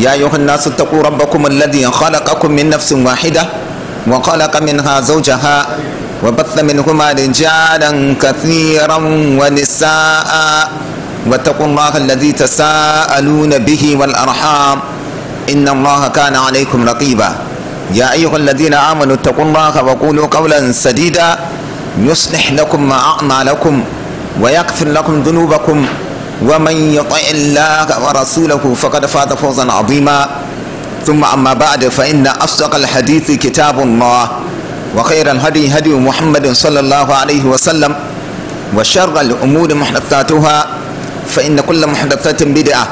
يا أيها الناس اتقوا ربكم الذي خلقكم من نفس واحدة وخلق منها زوجها وبث منهما رجالا كثيرا ونساء واتقوا الله الذي تساءلون به والأرحام إن الله كان عليكم رقيبا يا أيها الذين آمنوا اتقوا الله وقولوا قولا سديدا يصلح لكم ما أعمى لكم ويغفر لكم ذنوبكم ومن يطع الله ورسوله فقد فاز فوزا عظيما ثم أما بعد فإن أصدق الحديث كتاب الله وخير الهدي هدي محمد صلى الله عليه وسلم وشر الأمور محدثاتها فإن كل محدثة بدعة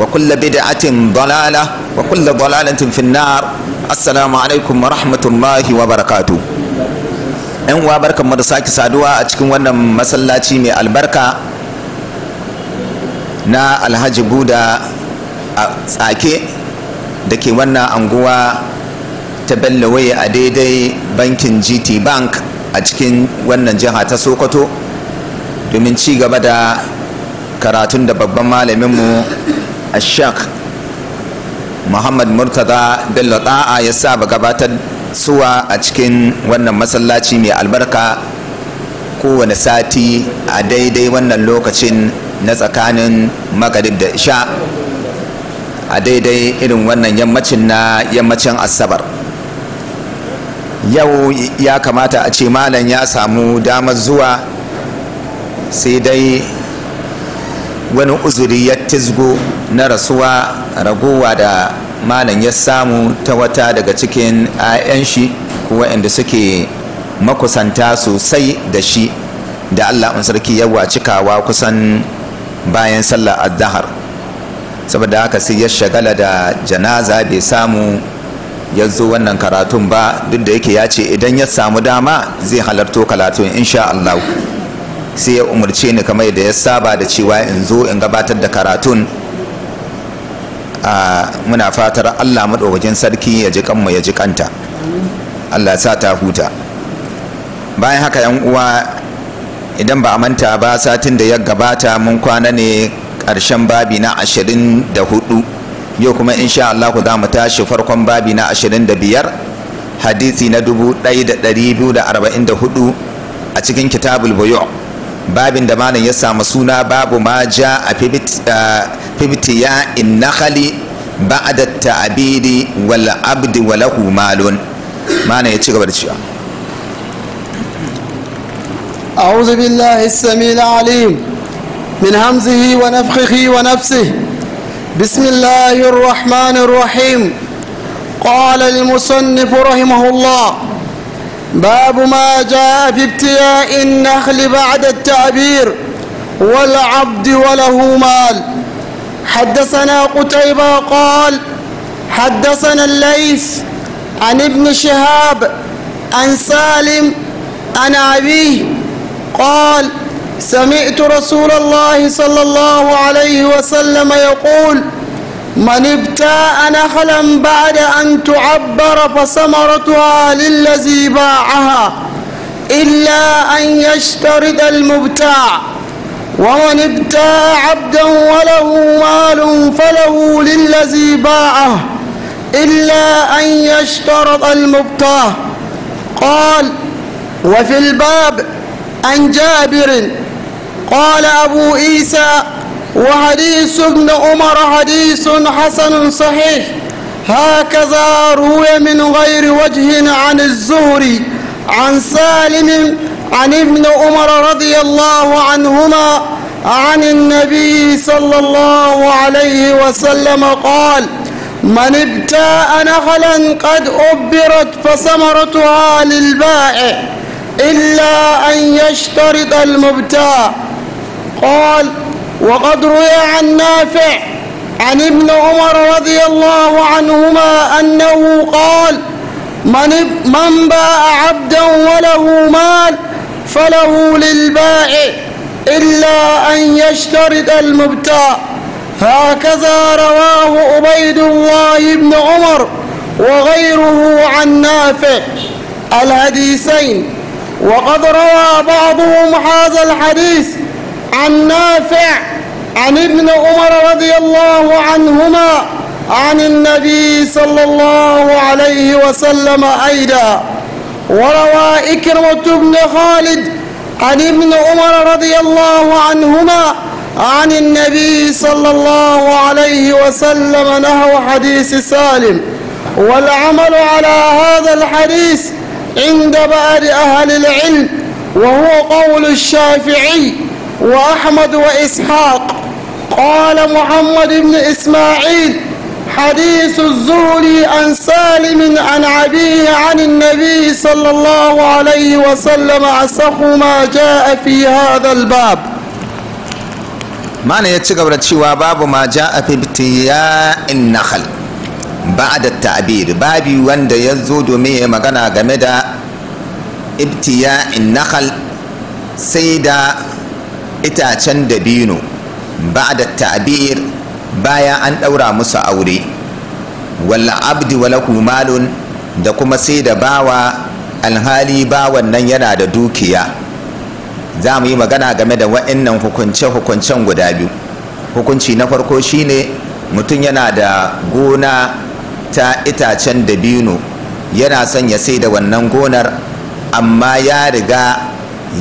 وكل بدعة ضلالة وكل ضلالة في النار السلام عليكم ورحمة الله وبركاته ‘yan uwa barkan mu da sake saduwa a cikin wannan masallaci mai albarka na alhaji buda a tsake da ke wannan anguwa ta bellawaye a daidai bankin gt bank a cikin wannan jiha ta sokoto domin ci gaba da karatun da babban malaminmu a shak muhammad murtaza bello da'a ya saba gabatar suwa a cikin wannan masallaci mai albarka kowane sati a daidai wannan lokacin na tsakanin magarib da isha a daidai irin wannan yammacin na yammacin asabar yau ya kamata a ce malam ya samu damar zuwa sai dai wani uzuri ya tizgo na rasuwa ragowa da malam ya samu ta wata daga cikin 'ya'yan shi ko waɗanda suke makusanta sosai da shi da allah sarki yawa cikawa kusan bayan sallar azahar saboda haka sai ya shagala da janaza bai samu ya zo wannan karatun ba duk da yake ya ce idan ya samu dama zai halarto karatun insha Allah sai ya umarce ni kamar da ya saba da cewa in zo in gabatar da karatun a muna fatar Allah maɗaukakin sarki ya ji mu ya ji kanta Allah sa ta huta bayan haka yan uwa idan ba a manta ba satin da ya gabata mun kwana ne ƙarshen babi na ashirin da hudu yau kuma insha Allah za mu tashi farkon babi na ashirin da biyar hadisi na dubu ɗaya da ɗari biyu da arba'in da hudu a cikin kitabul boyo babin da malam ya samu suna babu ma ja a fibitiya in nakhali ba'da ta'abidi wal abdi wa lahu malun mana ya ci gaba da cewa أعوذ بالله السميع العليم من همزه ونفخه ونفسه بسم الله الرحمن الرحيم قال المصنف رحمه الله باب ما جاء في ابتياء النخل بعد التعبير والعبد وله مال حدثنا قتيبة قال حدثنا الليث عن ابن شهاب عن سالم عن أبيه قال سمعت رسول الله صلى الله عليه وسلم يقول من ابتاع نخلا بعد أن تعبر فثمرتها للذي باعها إلا أن يشترط المبتاع ومن ابتاع عبدا وله مال فله للذي باعه إلا أن يشترط المبتاع قال وفي الباب عن جابر قال أبو عيسى وحديث ابن عمر حديث حسن صحيح هكذا روي من غير وجه عن الزهري عن سالم عن ابن عمر رضي الله عنهما عن النبي صلى الله عليه وسلم قال من ابتاء نخلا قد أبرت فثمرتها للبائع إلا أن يشترط المبتاع قال وقد روي عن نافع عن ابن عمر رضي الله عنهما أنه قال من, من باع عبدا وله مال فله للبائع إلا أن يشترط المبتاع هكذا رواه عبيد الله بن عمر وغيره عن نافع الحديثين وقد روى بعضهم هذا الحديث عن نافع عن ابن عمر رضي الله عنهما عن النبي صلى الله عليه وسلم أيضا وروى إكرمة بن خالد عن ابن عمر رضي الله عنهما عن النبي صلى الله عليه وسلم نحو حديث سالم والعمل على هذا الحديث عند بعض أهل العلم وهو قول الشافعي وأحمد وإسحاق قال محمد بن إسماعيل حديث الزهري عن سالم عن أبيه عن النبي صلى الله عليه وسلم أصح ما جاء في هذا الباب ما يتشغب رتشي باب ما جاء في ابتياء النخل ba'da ta'bir babi wanda ya zo domin ya magana game da in nakhal sai da itacen dabino ba'da ta'bir bayan an ɗaura musu aure wala abdi wala malun da kuma sai da bawa alhali bawan nan yana da dukiya za mu yi magana game da wa'annan hukunce-hukuncen guda biyu hukunci na farko shine mutum yana da gona ta itacen dabino yana son ya sai da wannan gonar amma ya riga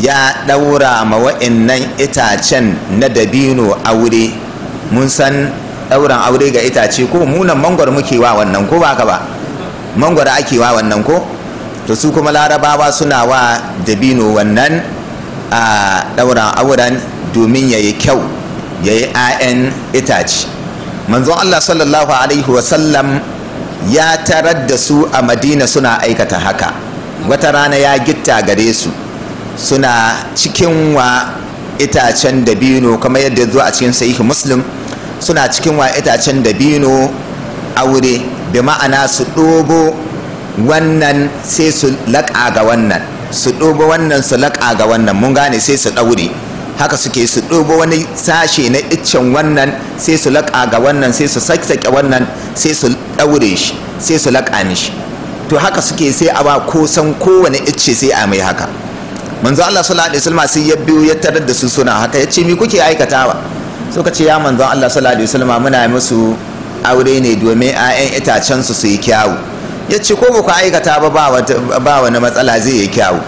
ya ɗaura ma wa'innan itacen na dabino aure mun san ɗauran aure ga itace ko munan mangwar muke wa wannan ko ba ka ba mangwar ake wa wannan ko to su kuma larabawa suna wa dabino wannan a ɗauran auren domin ya yi kyau ya yi 'ya'yan itace manzon allah sallallahu alaihi wasallam ya tarar da su a madina suna aikata haka wata rana ya gitta gare su suna cikin wa itacen dabino kamar yadda zuwa a cikin sahihi muslim suna cikin wa itacen dabino aure bi ma'ana su ɗogo wannan sai su laƙa ga wannan su ɗogo wannan su laƙa ga wannan mun gane sai su ɗaure haka suke su ɗobo wani sashe na iccen wannan sai su laƙa ga wannan sai su saksake wannan sai su ɗaure shi sai su laƙa shi to haka suke sai a ba kosan kowane icce sai a mai haka manzo Allah sallallahu alaihi wasallam sai ya biyo ya tarar da su suna haka ya ce me kuke aikatawa ka ce ya manzo Allah sallallahu alaihi wasallam muna musu aure ne domin a'yan itacen su su yi kyawu ya ce ko ba ku aikata ba ba wani matsala zai yi kyawu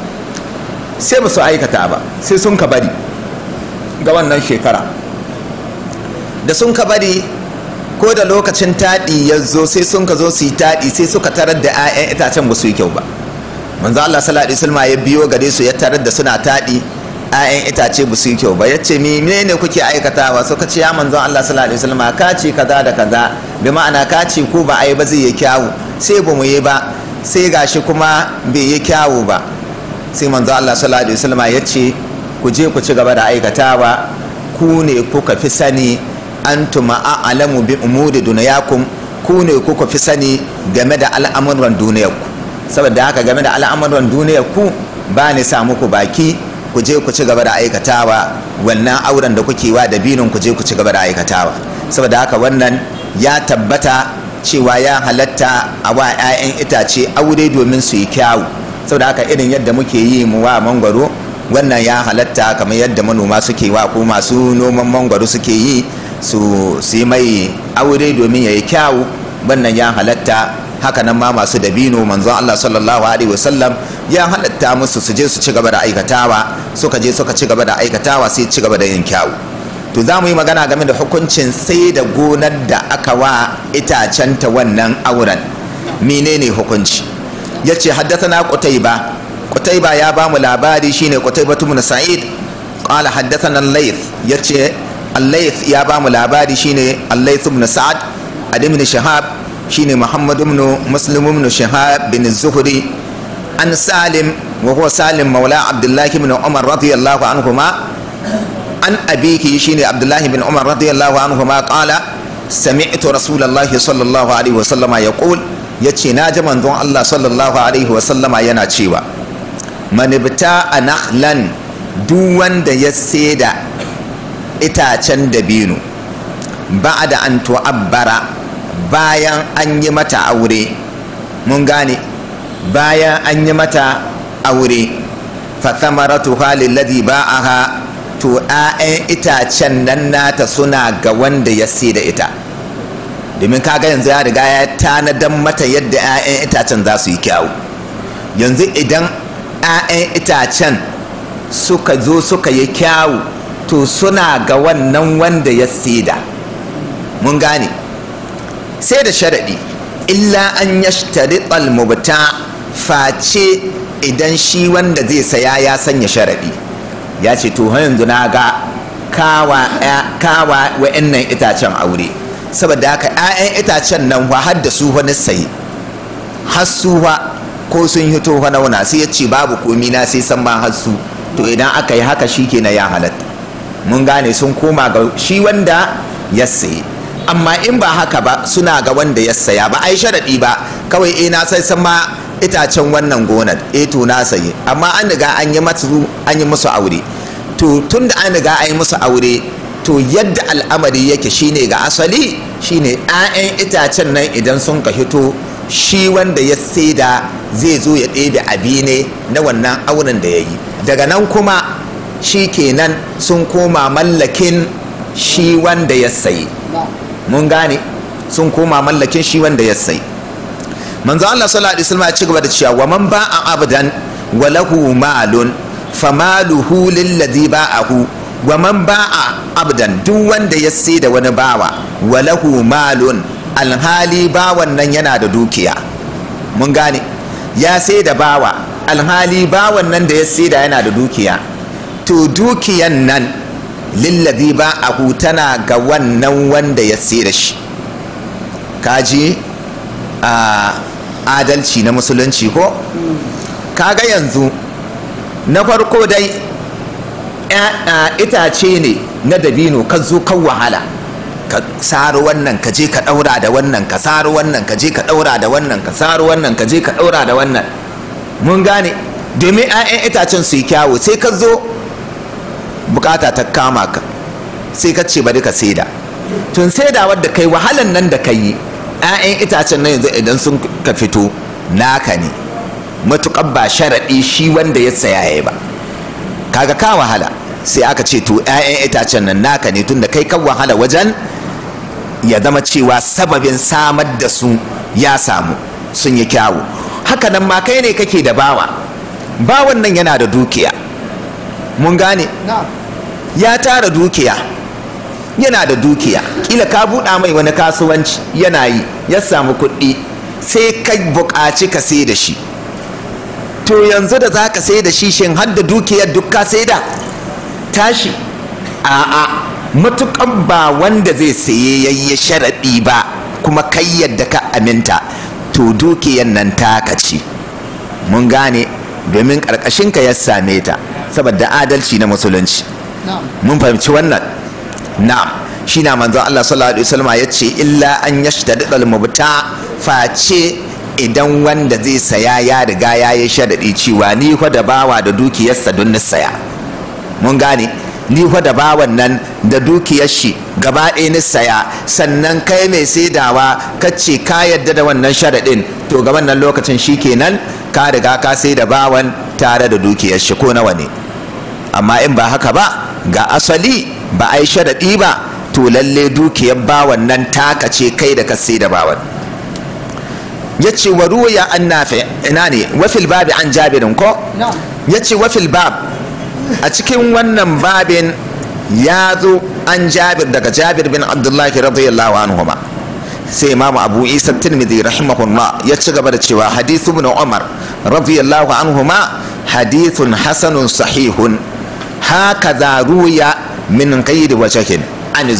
sai ba su aikata ba sai sun ka bari ga wannan shekara da sun ka bari ko da lokacin taɗi ya zo sai sun ka zo su yi taɗi sai suka tarar da 'ya'yan itacen ba su yi kyau ba manzo Allah sallallahu alaihi wasallam ya biyo gare su ya tarar da suna taɗi 'ya'yan itace ba su yi kyau ba ya ce ne kuke aikatawa suka ce ya manzo Allah sallallahu alaihi wasallam ka ce kaza da kaza bi ma'ana ka ce ko ba ai ba zai yi kyawu sai ba mu yi ba sai gashi kuma bai yi kyawu ba sai manzo Allah sallallahu alaihi wasallam ya ce ku je ku ci gaba da aikatawa ku ne kuka fi sani an tuma a a'lamu bi umuri dunyakum ku ne kuka fi sani game da al'amuran duniyarku saboda haka game da al'amuran duniyarku ba ni sa muku baki ku je ku ci gaba da aikatawa wannan auren da kuke wa dabinin ku je ku ci gaba da aikatawa saboda haka wannan ya tabbata cewa ya halatta a wa 'ya'yan itace aure domin su yi kyawu saboda haka irin yadda muke yi mu wa mangwaro wannan ya halatta kamar yadda manoma suke wa ko masu noman mangwaro suke yi su yi mai aure domin ya yi kyawu wannan ya halatta haka nan ma masu dabino manzon Allah sallallahu alaihi wasallam ya halatta musu su je su ci gaba da aikatawa suka je suka ci gaba da aikatawa sai ci gaba da yin kyawu to za mu yi magana game da hukuncin sai da gonar da aka wa itacenta wannan auren menene hukunci yace ce haddasa na qutayba ya ba mu labari shine qutayba ibn sa'id qala haddathana al-layth yace al-layth ya ba mu labari shine al-layth ibn sa'ad ibn shahab shine muhammad ibn muslim ibn shahab bin zuhri an salim wa huwa salim maula abdullahi ibn umar radiyallahu anhuma an abiki shine abdullahi bin umar radiyallahu anhuma qala sami'tu rasulullahi sallallahu alaihi wasallama yaqul yace na ji manzon Allah sallallahu alaihi Sallama yana cewa manibta a nahlan duk wanda ya seda itacen dabino ba da an tu'abbara bayan an yi mata aure mun gane bayan an yi mata aure ba a ha to 'ya'yan itacen nan nata suna ga wanda ya seda ita domin kaga yanzu ya riga ya tanadan mata yadda 'ya'yan itacen za su yi kyawu yanzu idan 'ya'yan itacen suka zo suka yi kyawu to suna ga wannan wanda ya saida mun gane sai da sharaɗi illa an ya yashtari mubta face idan shi wanda zai saya ya sanya sharaɗi ya ce to yanzu na ga kawa wa'annan itacen aure saboda haka 'ya'yan itacen nan wa har da su wani sayi har ko sun hito wani wana sai ya ce babu komi na sai san ma har to idan aka yi haka shi kenan ya halatta mun gane sun koma ga shi wanda ya saye amma in ba haka ba suna ga wanda ya saya ba ai sharadi ba kawai eh na sai san ma itacen wannan gonar eh to na saye amma an riga an yi musu an yi musu aure to tun da an riga an yi musu aure to yadda al'amari yake shine ga asali shine 'ya'yan itacen nan idan sun ka hito shi wanda ya saida zai zo ya ɗebe abi ne na wannan auren da ya yi daga nan kuma shi kenan sun koma mallakin shi wanda ya sayi mun gane sun koma mallakin shi wanda ya sayi manzo Allah sallallahu alaihi wasallam ya ci gaba da cewa wa man ba'a abdan wa lahu malun famaluhu lilladhi ba'ahu wa man ba'a abdan duk wanda ya sai da wani bawa wa lahu malun alhali bawan nan yana da dukiya mun gane ya sai da bawa alhali bawan nan da ya sai da yana da dukiya to dukiyan nan lillazi ba a hutana ga wannan wanda ya sai da shi kaji a adalci na musulunci ko kaga yanzu na farko dai itace ne na dabino ka zo kan wahala ka saro wannan ka je ka daura da wannan ka saro wannan ka je ka daura da wannan ka saro wannan ka je ka daura da wannan mun gane domin 'ya'yan itacen su yi kyawu sai ka zo bukata ta kama ka sai ka ce bari ka saida tun saida wadda kai wahalan nan da kai yi 'ya'yan itacen nan yanzu idan sun ka fito naka ne matuƙar ba sharaɗi shi wanda ya saya ya ba kaga ka wahala sai aka ce to 'ya'yan itacen nan naka ne tunda kai kan wahala wajen ya zama cewa sababin samar da su ya samu sun yi kyawu haka nan ma kai ne kake da bawa bawan nan yana da dukiya mun gane ya tara dukiya yana da dukiya kila ka buɗa mai wani kasuwanci yana yi ya samu kuɗi sai ka buƙaci ka sai da shi to yanzu da za ka sai da shi shin har da dukiyar duk ka sai da tashi a'a matukan ba wanda zai saye yayye sharaɗi ba kuma kai yadda ka aminta to dukiyan nan ka ci mun gane domin ƙarƙashin ka ya same ta saboda adalci na musulunci mun fahimci wannan na'am shi na manzo Allah sallallahu alaihi wasallam ya ce illa an yashtadida al-mubta face idan wanda zai saya ya riga ya yi sharaɗi cewa ni fa da bawa da dukiyarsa don na saya mun gane ni fa da bawan nan da dukiyar shi gaba ɗaya ni saya sannan kai mai saidawa ka ce ka yadda da wannan sharaɗin to ga wannan lokacin shi kenan ka riga ka sai da bawan tare da dukiyar shi ko nawa ne amma in ba haka ba ga asali ba a yi sharaɗi ba to lalle dukiyar bawan nan taka ce kai da ka sai da bawan ya ce wa ruwa an nafi ina ne wafil babi an jabirin ko ya ce wafil bab a cikin wannan babin ya zo an jabir daga jabir bin abdullahi radiyallahu anhu ma sai imamu abu isa tirmidhi rahimahullah ya ci gaba da cewa hadithu ibn umar radiyallahu anhu ma hadithun hasanun sahihun hakaza ruya min ghairi wajahin an ya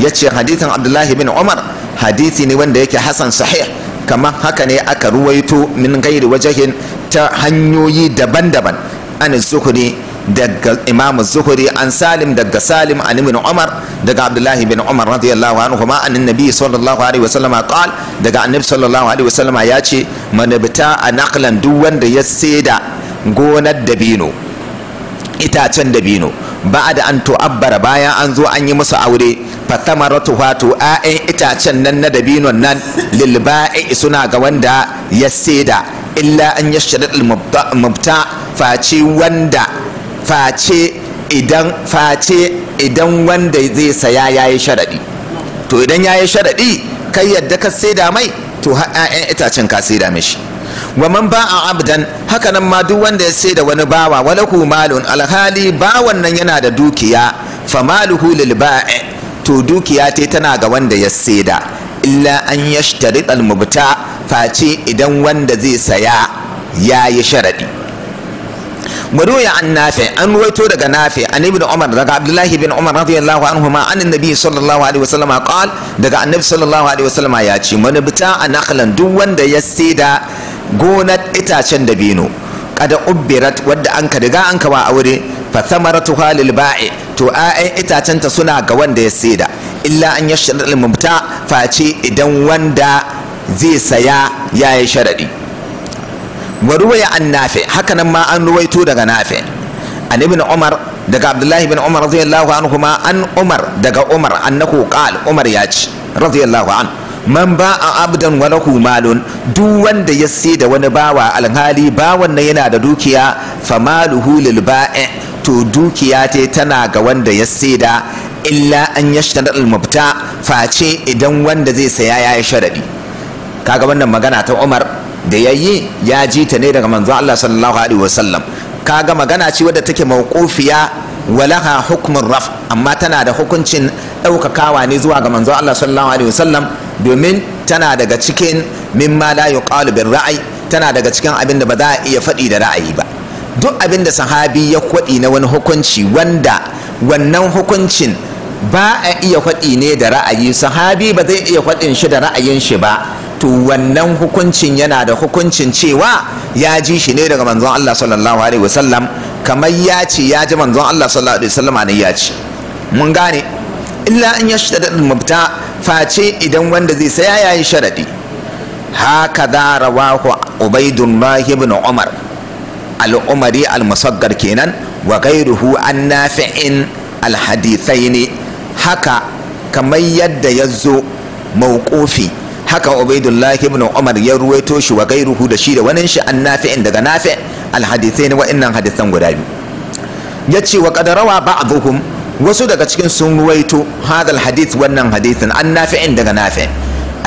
yace hadithin abdullahi bin umar hadithi ne wanda yake hasan sahih kamar haka ne aka ruwaito min gairi wajahin ta hanyoyi daban-daban an zuhri daga imam zuhuri an salim daga salim an ibn umar daga abdullahi bin umar radiyallahu anhu kuma an nabi sallallahu alaihi wasallama qal daga annabi sallallahu alaihi wasallama ya ce manabta a duk wanda ya saida gonar dabino itacen dabino ba da an tu'abbara bayan an zo an yi musu aure fa fatamaratu wato 'ya'yan itacen nan na dabino nan lil ba'i suna ga wanda ya saida illa an yashtaril mubta face wanda face idan face idan wanda zai saya ya yi sharaɗi to idan ya yi sharaɗi kai yadda ka saida mai to ‘ya'yan itacen ka saida mishi wa ba a abdan hakanan ma duk wanda ya da wani bawa wala ku malun alhali bawan nan yana da dukiya fa maluhu lil ba'i to dukiya ta tana ga wanda ya saida illa an yashtarit al mubta face idan wanda zai saya ya yi sharaɗi maruya an nafe an ruwaito daga nafi an ibn umar daga abdullahi bin umar radiyallahu anhu ma an annabi sallallahu alaihi wasallam qal daga annabi sallallahu alaihi wasallam ya ce man bita nakhlan duk wanda ya saida gonar itacen dabino kada ubbirat wadda an ka riga an ka ba aure fa thamaratuha lil ba'i to ayan itacen ta suna ga wanda ya saida illa an yashrad al mubta fa face idan wanda zai saya ya yi sharaɗi. wa ruwaya an nafe hakanan ma an ruwaito daga nafe an ibn umar daga abdullahi bin umar radiyallahu anhu ma an umar daga umar annahu qal umar ya ci radiyallahu an man ba'a abdan wa lahu malun duk wanda ya sai da wani bawa alhali bawan nan yana da dukiya fa maluhu lil ba'i to dukiya ta tana ga wanda ya sai da illa an yashtara al mubta face idan wanda zai saya ya yi sharadi kaga wannan magana ta umar da ya yi ya ji ta ne daga manzo Allah sallallahu alaihi wasallam kaga magana ce wadda take mawqufiya walaha hukmun raf amma tana da hukuncin ɗaukakawa ne zuwa ga manzo Allah sallallahu alaihi wasallam domin tana daga cikin mimma la yuqalu bil ra'ayi tana daga cikin abin da ba za a iya faɗi da ra'ayi ba duk abin da sahabi ya kwaɗi na wani hukunci wanda wannan hukuncin ba a iya kwaɗi ne da ra'ayi sahabi ba zai iya kwaɗin shi da ra'ayin shi ba to wannan hukuncin yana da hukuncin cewa ya ji shi ne daga manzon Allah sallallahu alaihi wasallam kamar ya ce ya ji manzon Allah sallallahu alaihi wasallam ne ya ce mun gane illa an ya shada mubta face idan wanda zai saya ya yi sharadi haka da rawahu ubaidullah ibn umar al-umari al-musaggar kenan wa gairuhu an nafi'in al-hadithaini haka kamar yadda ya zo mawqufi haka ubaidullahi ibn umar ya ruwaito shi wa gairuhu da shi da wani shi an nafi'in daga nafi' alhadisai ne nan hadisan guda biyu ya ce wa kadarawa ba'dhum wasu daga cikin sun ruwaito hadal hadis wannan hadisin an nafi'in daga nafi'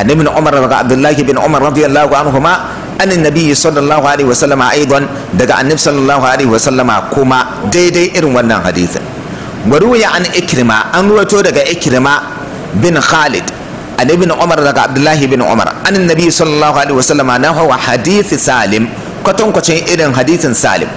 an ibn umar daga abdullahi ibn umar radiyallahu ma an annabi sallallahu alaihi wasallam aidan daga annabi sallallahu alaihi wasallama kuma daidai irin wannan hadisin wa ruwiya an ikrima an ruwaito daga ikrima bin khalid ani bin umar daga abdullahi bin umar an nabi sallallahu alaihi wasallam na wa hadithi salim kwatankwacin irin hadithin salim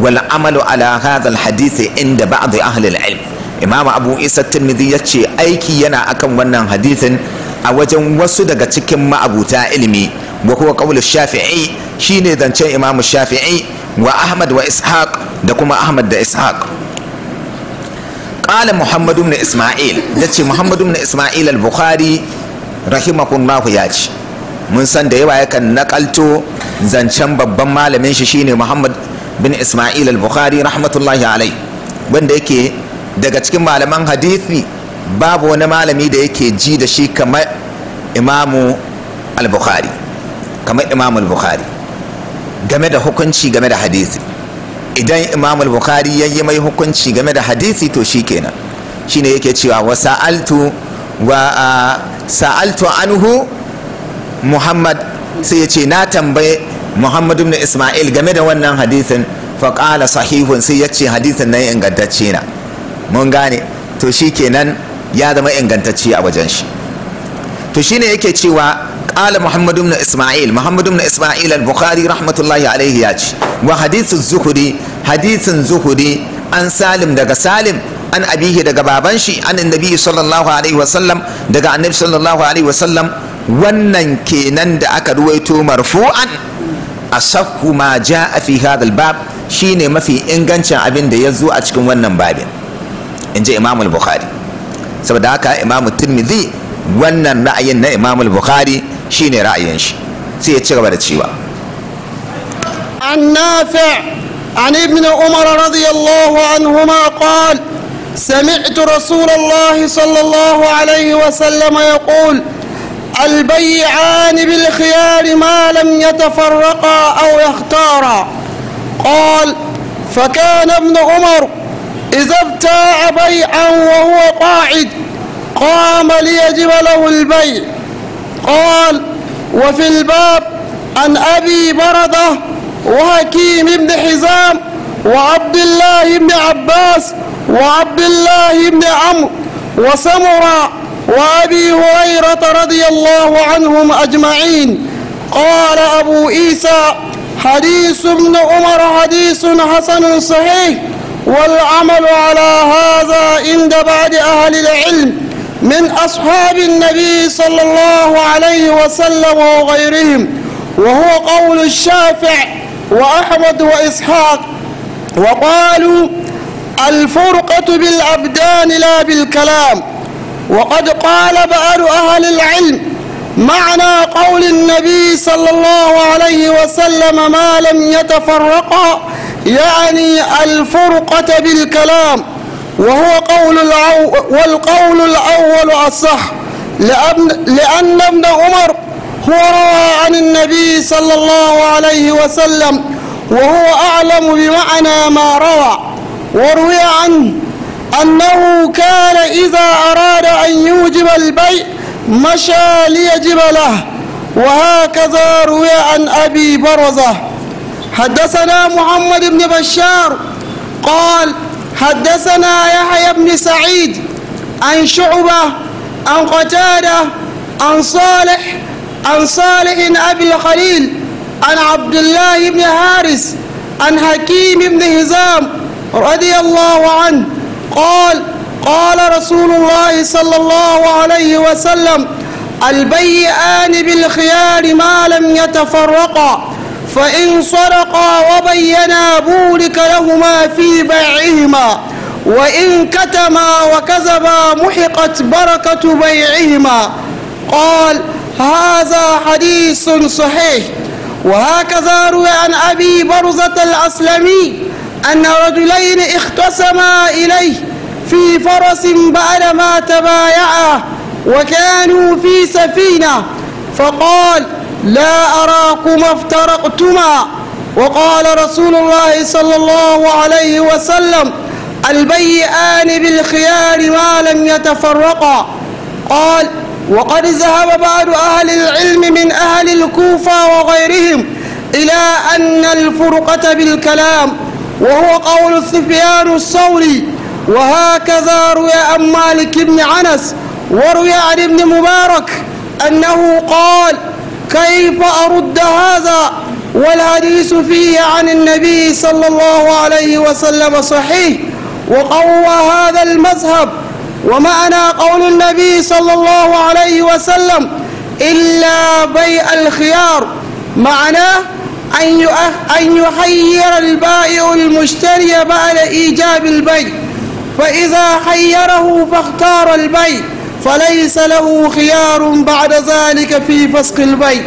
wal amalu ala hadha hadithi inda ba'd ahli al ilm imam abu isa tirmidhi ce aiki yana akan wannan hadithin a wajen wasu daga cikin ma'abuta ilimi wa huwa qawlu shafi'i shine zancen imam shafi'i wa ahmad wa ishaq da kuma ahmad da ishaq malam muhammadu ibn isma'il yace muhammadu ibn isma'il al-bukhari rahimahullahu ya ce mun san da yawa yakan nakalto zancen babban malamin shi shine muhammad bin isma'il al-bukhari rahmatullahi alai wanda yake daga cikin malaman hadisi babu wani malami da yake ji da shi kamar imamu al-bukhari game da hukunci game da hadisi idan imam bukari bukhari ya yi mai hukunci game da hadisi to shi kenan shine yake cewa wa sa'altu wa sa'altu anhu muhammad sai ya ce na tambaye muhammad ibn isma'il game da wannan hadisin faƙala sahihun sai ya ce hadisin nan ingantacce na mun gane to shi kenan ya zama ingantacce a wajen shi to shine yake cewa قال isma'il muhammadu اسماعيل isma'il al-bukhari rahmatullahi alaihi ya ce wa وحديث zuhuri hadisin zuhuri an salim daga salim an abihi daga baban shi an annabi sallallahu alaihi wasallam daga annabi sallallahu alaihi wasallam wannan kenan da aka ruwaito marfu'an asahhu ma ja'a fi hadha bab shine mafi ingancin abin da ya zo a cikin wannan babin in ji imam al-bukhari saboda haka imam tirmidhi wannan ra'ayin na imam al-bukhari shine ra'ayin shi sai ya ci gaba da cewa an nafi' عن ابن عمر رضي الله عنهما قال سمعت رسول الله صلى الله عليه وسلم يقول البيعان بالخيار ما لم يتفرقا أو يختارا قال فكان ابن عمر إذا ابتاع بيعا وهو قاعد قام ليجب له البيع قال وفي الباب عن أبي برده وحكيم بن حزام وعبد الله بن عباس وعبد الله بن عمرو وسمرة وأبي هريرة رضي الله عنهم أجمعين قال أبو عيسى حديث ابن عمر حديث حسن صحيح والعمل على هذا عند بعض أهل العلم من أصحاب النبي صلى الله عليه وسلم وغيرهم وهو قول الشافعي وأحمد وإسحاق وقالوا الفرقة بالأبدان لا بالكلام وقد قال بعض أهل العلم معنى قول النبي صلى الله عليه وسلم ما لم يتفرقا يعني الفرقة بالكلام وهو قول الأو والقول الأول الصح لأن, لأن ابن عمر وروى عن النبي صلى الله عليه وسلم وهو أعلم بمعنى ما روى وروي عنه أنه كان إذا أراد أن يوجب البيع مشى ليجب له وهكذا روي عن أبي برزة حدثنا محمد بن بشار قال حدثنا يحيى بن سعيد عن شعبة عن قتادة عن صالح عن صالح أبي الخليل عن عبد الله بن هارس عن حكيم بن هزام رضي الله عنه قال قال رسول الله صلى الله عليه وسلم البيئان بالخيار ما لم يتفرقا فإن سرقا وبينا بورك لهما في بيعهما وإن كتما وكذبا محقت بركة بيعهما قال هذا حديث صحيح وهكذا روي عن أبي برزة الأسلمي أن رجلين اختصما إليه في فرس بعدما تبايعا وكانوا في سفينة فقال لا أراكما افترقتما وقال رسول الله صلى الله عليه وسلم البيئان بالخيار ما لم يتفرقا قال وقد ذهب بعض أهل العلم من أهل الكوفة وغيرهم إلى أن الفرقة بالكلام وهو قول سفيان الصوري وهكذا روي عن مالك بن عنس وروي عن ابن مبارك أنه قال كيف أرد هذا والحديث فيه عن النبي صلى الله عليه وسلم صحيح وقوى هذا المذهب ومعنى قول النبي صلى الله عليه وسلم إلا بيع الخيار معناه أن أن يحير البائع المشتري بعد إيجاب البيع فإذا حيره فاختار البيع فليس له خيار بعد ذلك في فسق البيع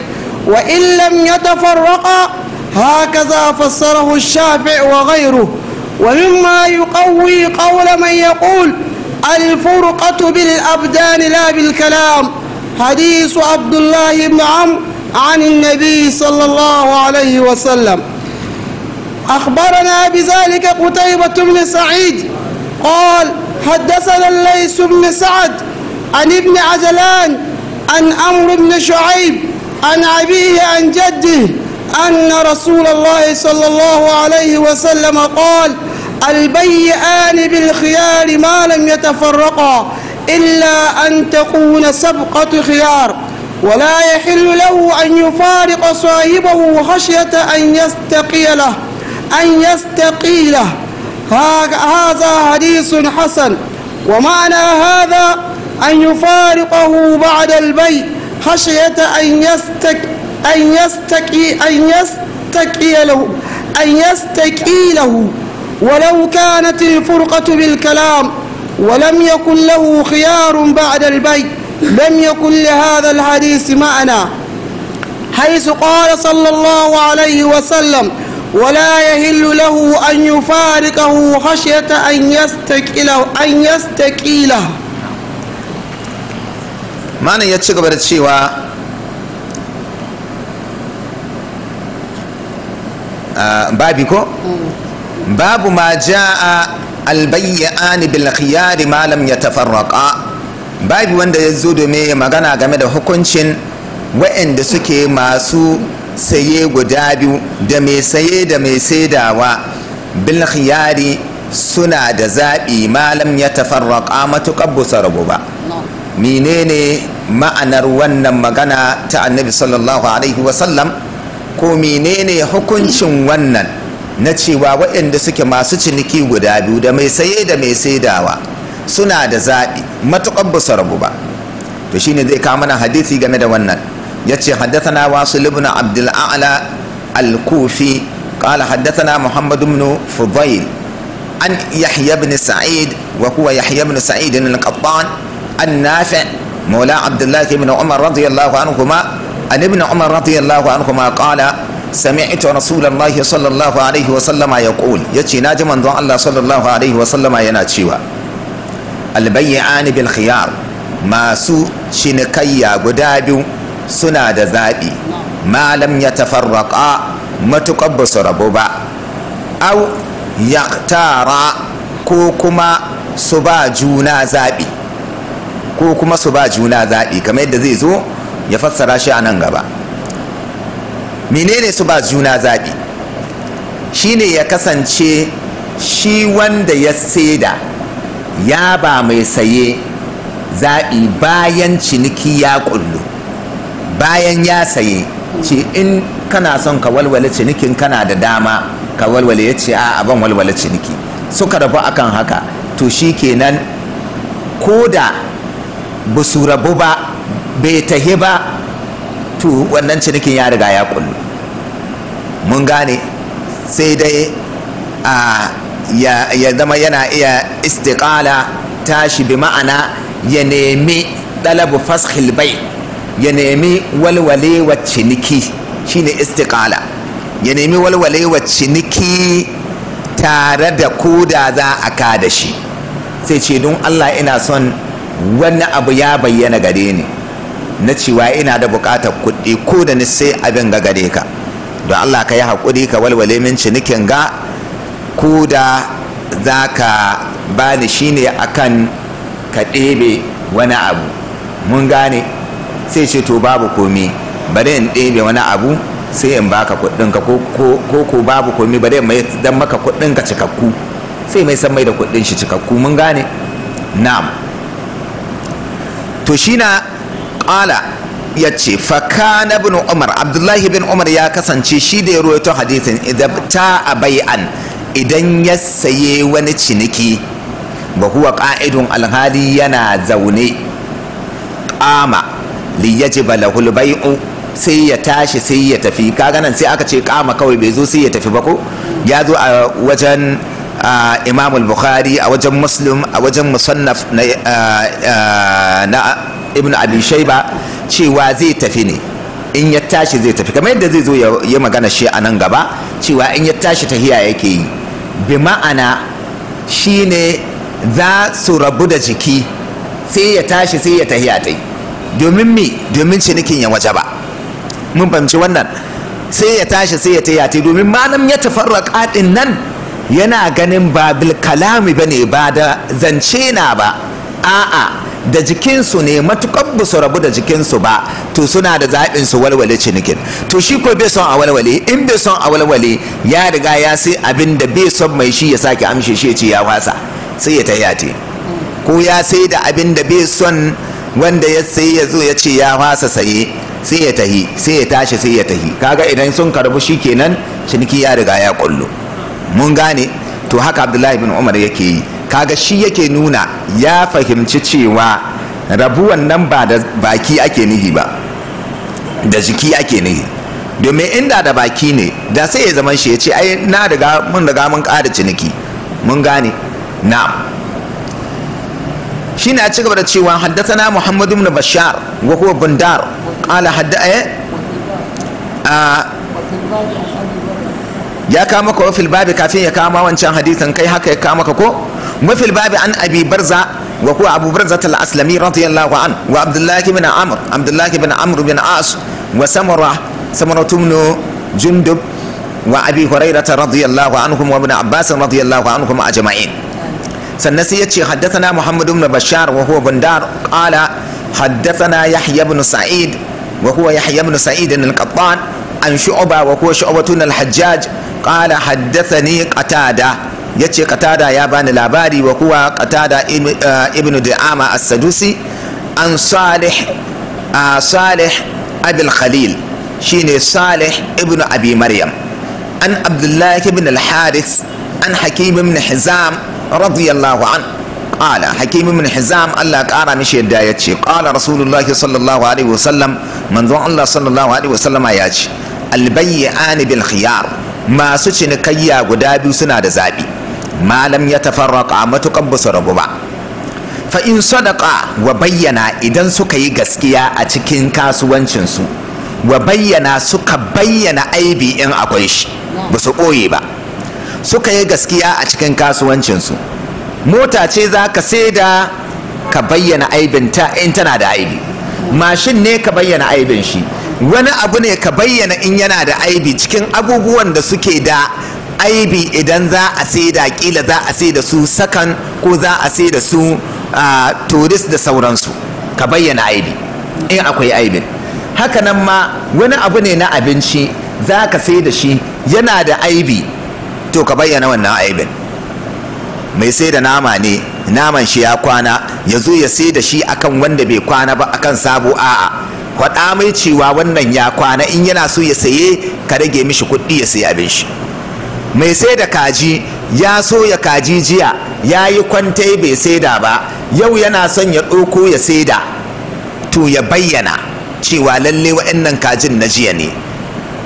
وإن لم يتفرقا هكذا فسره الشافع وغيره ومما يقوي قول من يقول الفرقة بالأبدان لا بالكلام حديث عبد الله بن عمرو عن النبي صلى الله عليه وسلم أخبرنا بذلك قتيبة بن سعيد قال حدثنا الليث بن سعد عن ابن عجلان عن أمر بن شعيب عن أبيه عن جده أن رسول الله صلى الله عليه وسلم قال البيئان بالخيار ما لم يتفرقا إلا أن تكون سبقة خيار ولا يحل له أن يفارق صاحبه خشية أن يستقي له أن يستقي له هذا حديث حسن ومعنى هذا أن يفارقه بعد البيع خشية أن يستك أن يستقي أن يستقي له أن يستقي له ولو كانت الفرقة بالكلام ولم يكن له خيار بعد البيت لم يكن لهذا الحديث معنى حيث قال صلى الله عليه وسلم ولا يهل له أن يفارقه خشية أن يستكيله أن يستكيله معنى يتشغب رتشيوا آه بابي كو babu ma a albayyani bil khiyari malam ya yatafarraqa babu wanda ya zo domin magana game da hukuncin waɗanda suke masu saye guda biyu da mai saye da mai saidawa bil khiyari suna da zaɓi malam ya tafarraƙa matuƙar busa rabu ba menene ma'anar wannan magana ta annabi sallallahu alaihi wasallam ko menene hukuncin wannan na cewa waɗanda suke masu ciniki guda biyu da mai saye da mai saidawa suna da zaɓi matuƙar ba su rabu ba to shine zai kawo mana hadisi game da wannan ya ce haddathana wasu libna abdul'ala al-kufi qala haddathana muhammad ibn fudail an yahya ibn sa'id wa huwa yahya ibn sa'id al-qattan an-nafi' مولى عبد الله بن عمر رضي الله عنهما عن ابن عمر رضي الله عنهما قال sami'tu rasulullahi sallallahu alaihi wa sallama yaqul yace naji manzon Allah sallallahu alaihi wa sallama yana cewa albay'an bil khiyar masu cinikayya guda biyu suna da zaɓi malam ya tafarraƙa matuƙar ba su rabu ba au yaktara ko kuma su ba juna ko kuma su ba juna zaɓi kamar yadda zai zo ya fassara shi a nan gaba menene su ba juna zaɓi shine ya kasance shi wanda ya saida ya ba mai saye zaɓi bayan ciniki ya ƙullu bayan ya saye ce in kana son ka walwale cinikin kana da dama ka walwale ya ce a ban walwale ciniki suka rabu akan haka to shi kenan ko da ba ba bai tahi ba to wannan cinikin ya riga ya kullu mun gane sai dai a ya zama yana iya istiƙala tashi bi ma'ana ya nemi dalabu fashil bai ya nemi walwalewa ciniki shine istiqala ya nemi walwalewa ciniki tare da da za a ka da shi sai ce don allah ina son wani abu ya bayyana gare ni na cewa ina da buƙatar kuɗi ko da ni sai abin ga gare ka don Allah ka yi haƙuri ka walwale min cinikin ga ko da za ka bani a akan ka ɗebe wani abu mun gane sai ce to babu komi bari in ɗebe wani abu sai in baka kuɗinka ko ko babu komi bari in mai dan maka kuɗinka cikakku sai mai san mai da kuɗin shi cikakku mun gane na'am to shi na qala ya ce na bin umar abdullahi bin umar ya kasance shi da ya ruwaito hadisin ta a an, idan ya saye wani ciniki ba huwa ka'idun alhali yana zaune kama ba balahul bai'u sai ya tashi sai ya tafi kaga nan sai aka ce kama kawai bai zo sai ya tafi ba ko ya zo a wajen imam bukhari a wajen muslim a wajen musannaf na ibnu abi shaiba cewa zai tafi ne in ya tashi zai tafi kamar yadda zai zo ya magana shi a nan gaba cewa in ya tashi tahiya yake yi bi ma'ana shi ne za su rabu da jiki sai ya tashi sai ya tahiya ta domin mi domin cinikin ya waje ba mun fahimci wannan sai ya tashi sai ya tahiya ta domin malam ya tafarraka din nan yana ganin ba bil kalami bane ba da zance na ba a'a da jikinsu ne matukar ba su rabu da jikinsu ba to suna da zaɓin su walwale cinikin to shi ko bai son a walwale in bai son a walwale ya riga ya sai abin da bai son mai shi ya sake amshe shi ya ce ya wasa sai ya tayyate ko ya sai da abin da bai son wanda ya sai ya zo ya ce ya wasa saye sai ya tahi sai ya tashi sai ya tahi kaga idan sun karbu shi kenan ciniki ya riga ya kullu mun gane to haka abdullahi bin umar yake yi kaga shi yake nuna ya fahimci cewa rabuwan nan ba da baki ake nihi ba da jiki ake nihi domin inda da baki ne da sai ya zama shi ya ce ai na riga mun riga mun ƙara ciniki mun gane na." Shi a ci gaba da cewa haddathana Muhammadu ibn Bashar wa huwa Bundar qala hadda eh ah, ya kama maka wafil babi kafin ya kama wancan hadisan kai haka ya kama maka ko wafil babi an abi barza wa huwa abu barza al aslami radiyallahu an wa abdullahi bin amr abdullahi bin amr bin as wa samara samara tumnu jundub wa abi hurairata radiyallahu anhum wa ibn abbas radiyallahu anhum ajma'in sannan sai yace haddathana muhammad ibn bashar wa huwa bundar qala haddathana yahya ibn sa'id wa huwa yahya ibn sa'id al-qattan an shu'ba wa huwa shu'batun al-hajjaj qala haddathani qatada yace qatada ya bani labari wa kuwa qatada ibnu uh, du'ama as-sadusi an salih uh, salih abul khalil shine salih ibnu abi maryam an abdullahi ibn al-harith an hakim ibn hizam radiyallahu an qala hakim ibn hizam Allah kara mishi yadda yace qala rasulullahi sallallahu alaihi wasallam manzon Allah sallallahu alaihi wasallama yace al-bay'an bil khiyar masu cinikayya guda biyu suna da zaɓi malam ya tafarraka a ba basu rabu ba fa in sadaka wa bayyana idan suka yi gaskiya a cikin kasuwancinsu wa bayyana suka bayyana aibi in akwai shi ba su ɓoye ba suka yi gaskiya a cikin kasuwancinsu mota ce za ka da ka bayyana aibin ta in tana da aibi mashin ne ka bayyana aibin shi wani abu ne ka bayyana in yana da aibi cikin abubuwan da suke da aibi idan za a sai da kila za a sai da su sakan ko za a sai da su turist da sauransu ka bayyana aibi in akwai aibin hakanan ma wani abu ne na abinci za ka sai da shi yana da aibi to ka bayyana wannan aibin mai sai da nama ne naman shi ya kwana ya zo ya sai da shi akan wanda bai kwana ba akan sabo a'a faɗa mai cewa wannan ya kwana in yana so ya saye ka rage mishi kuɗi ya sayi abin shi mai sai da kaji ya so ya kaji jiya ya yi kwantai bai saida ba yau yana son ya ɗauko ya saida to ya bayyana cewa lalle waɗannan kajin na jiya ne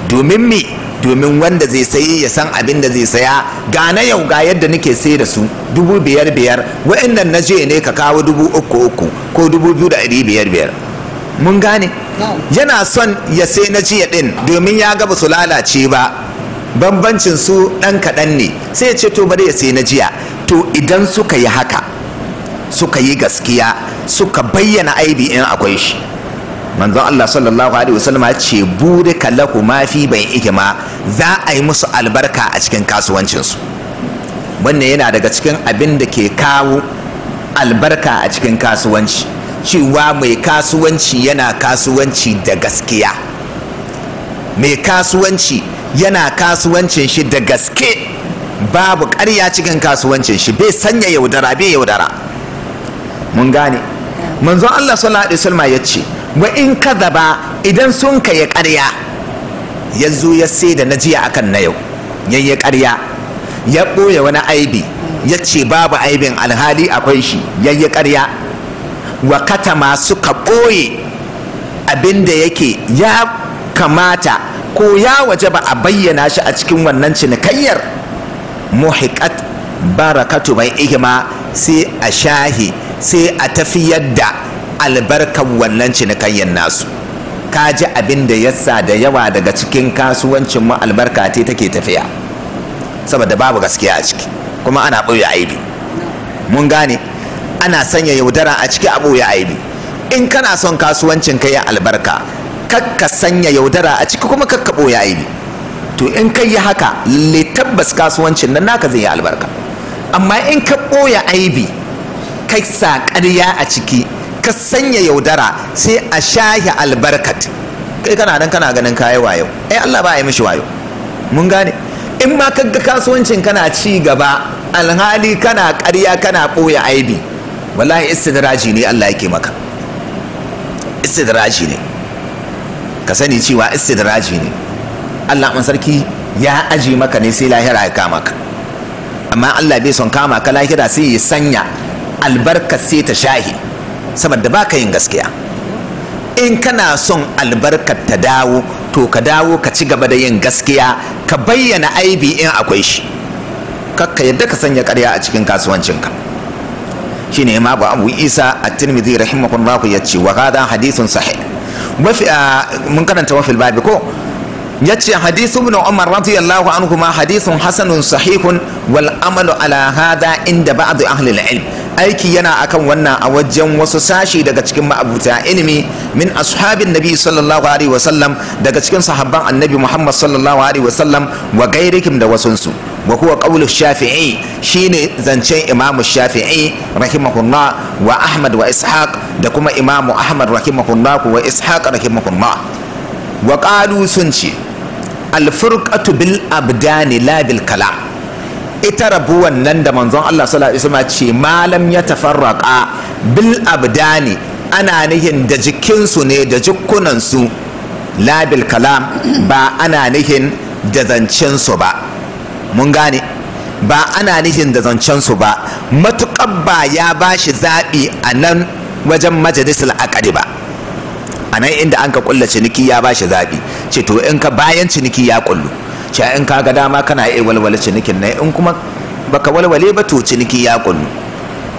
domin mi domin wanda zai sayi ya san abin da zai saya ga yau ga yadda nake sai da su dubu biyar biyar waɗannan na jiya ne ka kawo dubu uku uku ko dubu biyu da ɗari biyar biyar mun gane yana son ya sai na jiya din domin ya ga basu su lalace ba bambancin su ɗan kaɗan ne sai ya ce to bari ya sai na jiya to idan suka yi haka suka yi gaskiya suka bayyana aibi in akwai shi manzon Allah sallallahu alaihi wasallam ya ce burika lahu ma fi ikima za a yi musu albarka a cikin kasuwancin su wannan yana daga cikin abin da ke kawo albarka a cikin kasuwanci cewa mai kasuwanci yana kasuwanci da gaskiya mai kasuwanci yana kasuwancin shi da gaske babu karya cikin kasuwancin shi bai sanya yaudara bai yaudara mun gane manzon Allah sallallahu alaihi wasallam ya ce wa in kadaba idan sun ka ya yanzu ya ya sai da na jiya akan na yau yayye karya ya ɓoye wani aibi ya ce babu aibin alhali akwai shi yayi karya. wa masu ka ɓoye abin da yake ya kamata ko ya waje ba a bayyana shi a cikin wannan cinikayyar muhikat barakatu bai ihima sai a shahi sai a tafiyar da albarkan wannan cinikayyar nasu ka ji abin da yasa da yawa daga cikin kasuwancin mu albarka te take tafiya saboda babu gaskiya a ciki kuma ana ɓoye aibi mun gane ana sanya yaudara a ciki abu ya aibi in kana son kasuwancin ka ya albarka kakka sanya yaudara a ciki kuma kakka ɓoye aibi to in kai yi haka le tabbas kasuwancin nan naka zai yi albarka amma in ka ɓoye aibi kai sa ƙarya a ciki ka sanya yaudara sai a shahi albarkat kai kana nan kana ganin kayi wayo eh Allah ba ya mishi wayo mun gane in ma kaga kasuwancin kana ci gaba alhali kana ƙarya kana ɓoye aibi wallahi istidraji ne Allah yake maka istidraji ne ka sani cewa istidraji ne Allah man sarki ya aji maka ne sai lahira ya kama ka amma Allah bai son kama ka lahira sai ya sanya albarka sai ta shahi saboda baka yin gaskiya in kana son albarkar ta dawo to ka dawo ka ci gaba da yin gaskiya ka bayyana aibi in akwai shi kakka yadda ka sanya karya a cikin kasuwancinka shine imam abu isa at-tirmidhi rahimahullah ya ce wa hada hadithun sahih mafi mun karanta mafi babi ko ya ce hadithu ibn umar radiyallahu anhu ma hadithun hasanun sahihun wal amalu ala hada inda ba'd ahli al-ilm aiki yana akan wannan a wajen wasu sashi daga cikin ma'abuta ilimi min ashabin nabi sallallahu alaihi wasallam daga cikin sahabban annabi muhammad sallallahu alaihi wasallam wa gairikim da wasunsu wa huwa qawlu shafi'i shine zancen imamu shafi'i rahimahullah wa ahmad wa ishaq da kuma imamu ahmad rahimahullah wa ishaq rahimahullah wa qalu sun ce alfurqatu bil abdani la bil ita rabuwan nan da manzon Allah sallallahu alaihi wasallam ce malam ya tafarraqa bil abdani ana nihin da jikinsu ne da jikkunansu labil kala kalam ba ana nihin da zancensu ba mun gane ba ana nufin da zancen su ba matuƙar ba ya ba shi zaɓi a nan wajen majalisar akari ba a nan inda an ka kulla ciniki ya ba shi zaɓi ce to in ka bayan ciniki ya kullu ce in ka ga dama kana iya walwale cinikin na in kuma baka walwale ba to ciniki ya kullu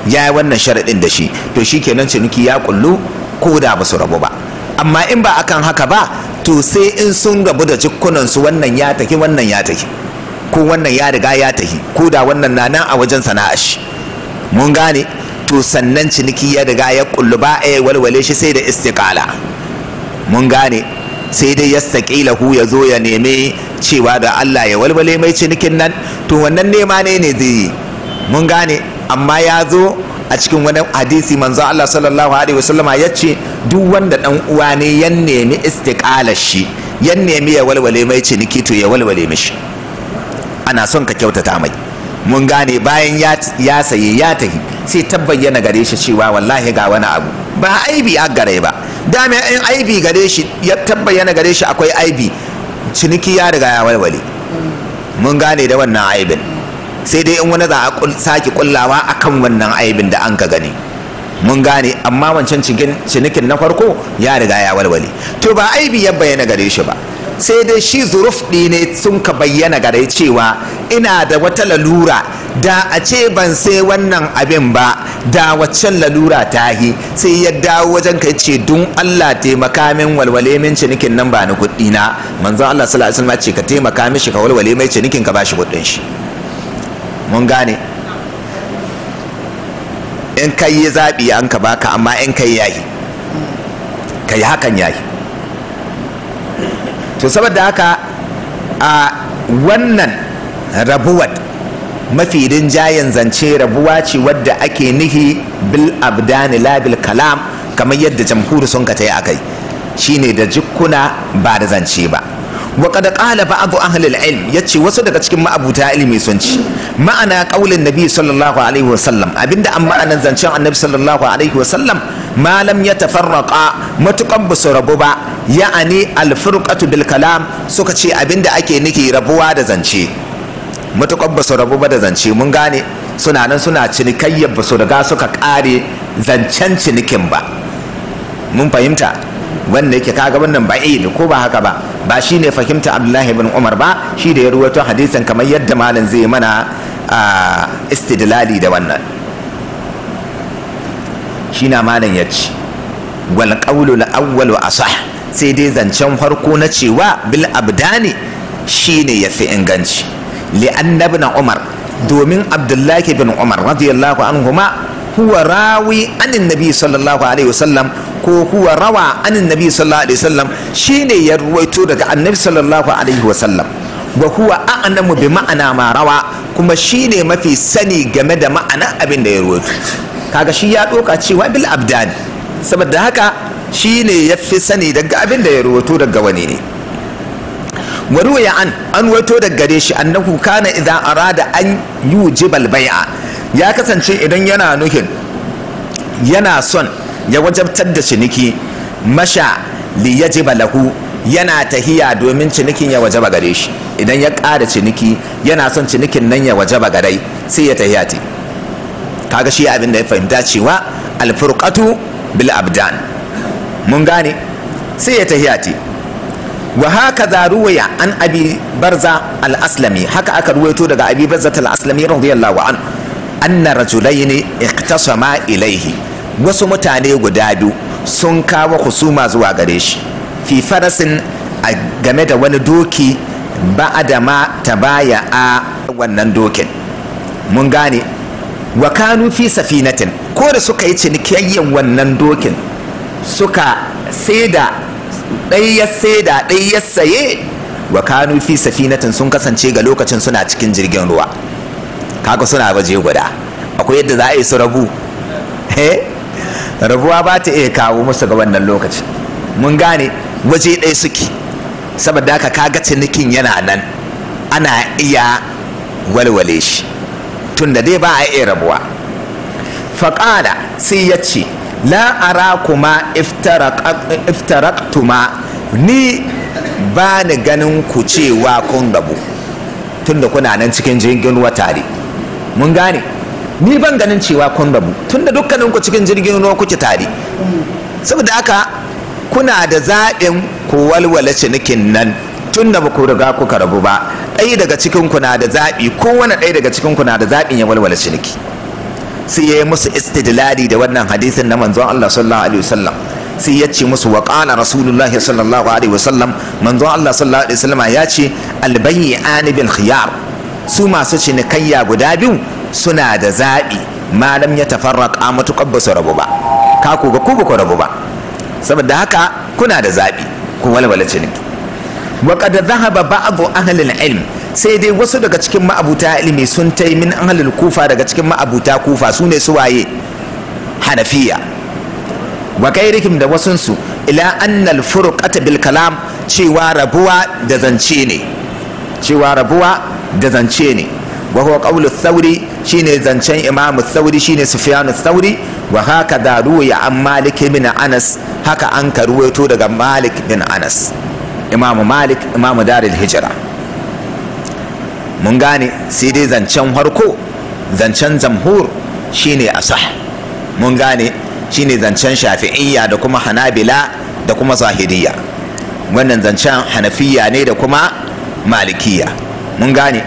ya yi wannan sharaɗin da shi to shi kenan ciniki ya kullu ko da ba su rabu ba amma in ba akan haka ba to sai in sun rabu da jikunansu wannan ya taki wannan ya taki ko wannan ya riga ya tahi ko da wannan na nan a wajen sana'ar shi mun gane to sannan ciniki ya riga ya kullu ba a walwale shi sai da istiqala mun gane sai dai ya lahu ya zo ya neme cewa da Allah ya walwale mai cinikin nan to wannan nema ne ne zai mun gane amma ya zo a cikin wani hadisi manzo Allah sallallahu alaihi wasallama ya ce duk wanda dan uwa ne ya nemi istiqalar shi ya nemi ya walwale mai ciniki to ya walwale mishi ana son ka kyautata mai mun gane bayan ya saye ya tahi sai tabbayyana gare shi cewa wallahi ga wani abu ba aibi a gare ba dame in aibi gare shi ya tabbayyana gare shi akwai aibi ciniki ya riga ya walwale mun gane da wannan aibin sai dai in wani za a sake kullawa akan wannan aibin da an ka gani mun gane amma wancan cinikin na farko ya riga ya walwale to ba aibi ya bayyana gare shi ba sai dai shi zuruf ne sun ka bayyana gare cewa ina da wata lalura da a ce ban sai wannan abin ba da waccan lalura ta yi sai ya dawo wajen ka ce don Allah taimaka min walwale min cinikin nan ba ni kuɗi na manzo Allah sallallahu alaihi wasallam ce ka taimaka min shi ka walwale mai cinikin ka bashi kuɗin shi mun gane in kai yi an ka baka amma in kai yayi kai hakan yayi to saboda haka a wannan rabuwar mafi rinjayen zance rabuwa ce wadda ake nihi bil abdani la kalam kamar yadda jamhuri sun ka ta yi akai shine da jikkuna ba da zance ba wa kada qala ba'du ahli al-ilm yace wasu daga cikin ma'abuta ilimi sun ci ma'ana qaulin nabi sallallahu alaihi wa sallam, abinda an ma'ana zancen annabi sallallahu alaihi wa sallam ma lam yatafarraqa matukan basu rabu ba ya'ani al-furqatu bil kalam suka ce abinda ake niki rabuwa da zance matukan basu rabu ba da zance mun gane suna nan suna cinikayyar basu riga suka kare zancen cinikin ba mun fahimta wanda yake kaga wannan ba ko ba haka ba ba shine fahimta abdullahi bin umar ba shi da ya ruwaito hadisan kamar yadda malam zai mana istidlali da wannan shi na malam ya ci wal qawlu al awwal asah sai dai zancen farko na cewa bil abdani shine yafi inganci li annabi umar domin abdullahi bin umar radiyallahu anhuma huwa rawi anin nabi sallallahu alaihi wasallam ko huwa rawa anin nabi sallallahu alaihi wasallam shine ya ruwaito daga annabi sallallahu alaihi wasallam wa huwa a'lamu bi ma'ana ma rawa kuma shine mafi sani game da ma'ana abin da ya ruwaito kaga shi ya doka cewa bil abdan saboda haka shine ya fi sani daga abin da ya ruwaito daga wani ne wa ruwaya an an wato daga gare shi annahu kana idan arada an yujibal bai'a ya kasance idan yana nufin yana son ya wajabtar da ciniki masha li yajiba lahu yana tahiya domin cinikin ya wajaba gare shi idan ya ƙara ciniki yana son cinikin nan ya wajaba gare sai ya tahiya ta kaga shi abin da ya fahimta cewa alfurqatu bil abdan mun gane sai ya tahiya ta wa haka za ruwaya an abi barza al-aslami haka aka ruwaito daga abi barza al-aslami radiyallahu anhu anna rajulaini iqtasama ilaihi wasu mutane guda biyu sun kawo husuma zuwa gare shi fi farasin a game da wani doki adama ta baya a wannan dokin mun gane wa kanu fi safinatin ko da suka yi cinikayyen wannan dokin suka saida ɗaya saida ɗaya saye wa kanu fi safinatin sun kasance ga lokacin suna cikin jirgin ruwa kaga suna waje guda akwai yadda za a yi su rabu eh? rabuwa ba ta iya kawo musu ga wannan lokaci mun gane waje ɗaya suke saboda haka kaga cinikin yana nan ana iya walwale shi tunda dai ba a iya rabuwa faƙala sai ya ce la'ara kuma iftaraktuma ni ba ni ganin ku cewa kun rabu tunda kuna nan cikin jirgin wata ne mun gane ni ban ganin cewa kun rabu tunda dukkanin ku cikin jirgin ruwa kuke tare saboda haka kuna da zaɓin ku walwala cinikin nan tun da ku riga kuka rabu ba ɗaya daga cikin ku na da zaɓi kowane ɗaya daga cikin ku na da zaɓin ya walwala ciniki sai ya yi musu istidlali da wannan hadisin na manzon Allah sallallahu alaihi wasallam sai ya ce musu wa qala rasulullah sallallahu alaihi wasallam manzon Allah sallallahu alaihi wasallam ya ce bayyi an bil khiyar su masu cinikayya guda biyu suna da zaɓi malam ya tafarraka matuƙar ba su rabu ba ka ku ga ku ba ku rabu ba saboda haka kuna da zaɓi ku walwala ciniki wa zahaba zahaba ba'd ahli ilm sai dai wasu daga cikin ma'abuta ilmi sun tai min ahli kufa daga cikin ma'abuta kufa su ne su waye. hanafiya wa kairikim da wasunsu ila annal furukata furqata bil cewa rabuwa da zance ne cewa rabuwa da zance ne wa huwa qawlu thawri shine zancen imamu thawri shine sufyanu thawri wa haka da ruwaya an malik ibn anas haka an ka ruwaito daga malik ibn anas imamu malik imamu daril Hijra. mun gane sai dai zancen harko zancen jamhur shine asah mun gane shine zancen shafi'iyya da kuma hanabila da kuma zahiriyya wannan zancen hanafiyya ne da kuma malikiya mun gane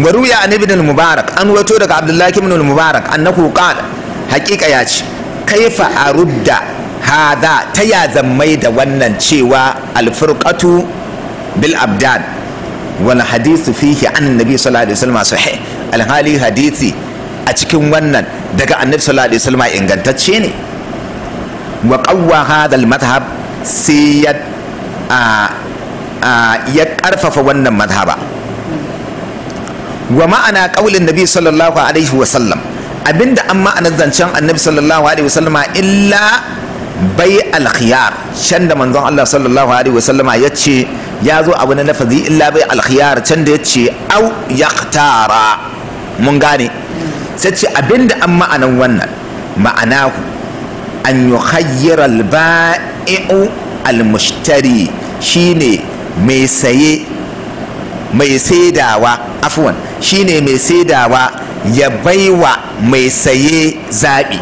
waruya an ibn al-mubarak an wato daga abdullahi ibn al-mubarak annahu qala haqiqa ya ce kaifa arudda hada ta ya zammai da wannan cewa al-furqatu bil abdan wani hadisi fihi an nabi sallallahu alaihi wasallam sahih hadisi a cikin wannan daga annabi sallallahu alaihi wasallam ingantacce ne wa qawwa hadha al sai ya karfafa wannan madhaba wa ma'ana qaulin nabi sallallahu alaihi wa sallam abinda an ma'anar zancen annabi sallallahu alaihi wa sallama illa bai alkhiyar can da manzon Allah sallallahu alaihi wa sallama ya ce ya zo a wani lafazi illa bai alkhiyar can da ya ce au yaqtara mun gane sai ce abinda an ma'anar wannan ma'anahu an yukhayyira al-ba'i'u al-mushtari shine mai saye mai saidawa afuwan shine mai saidawa ya bai wa mai saye zaɓi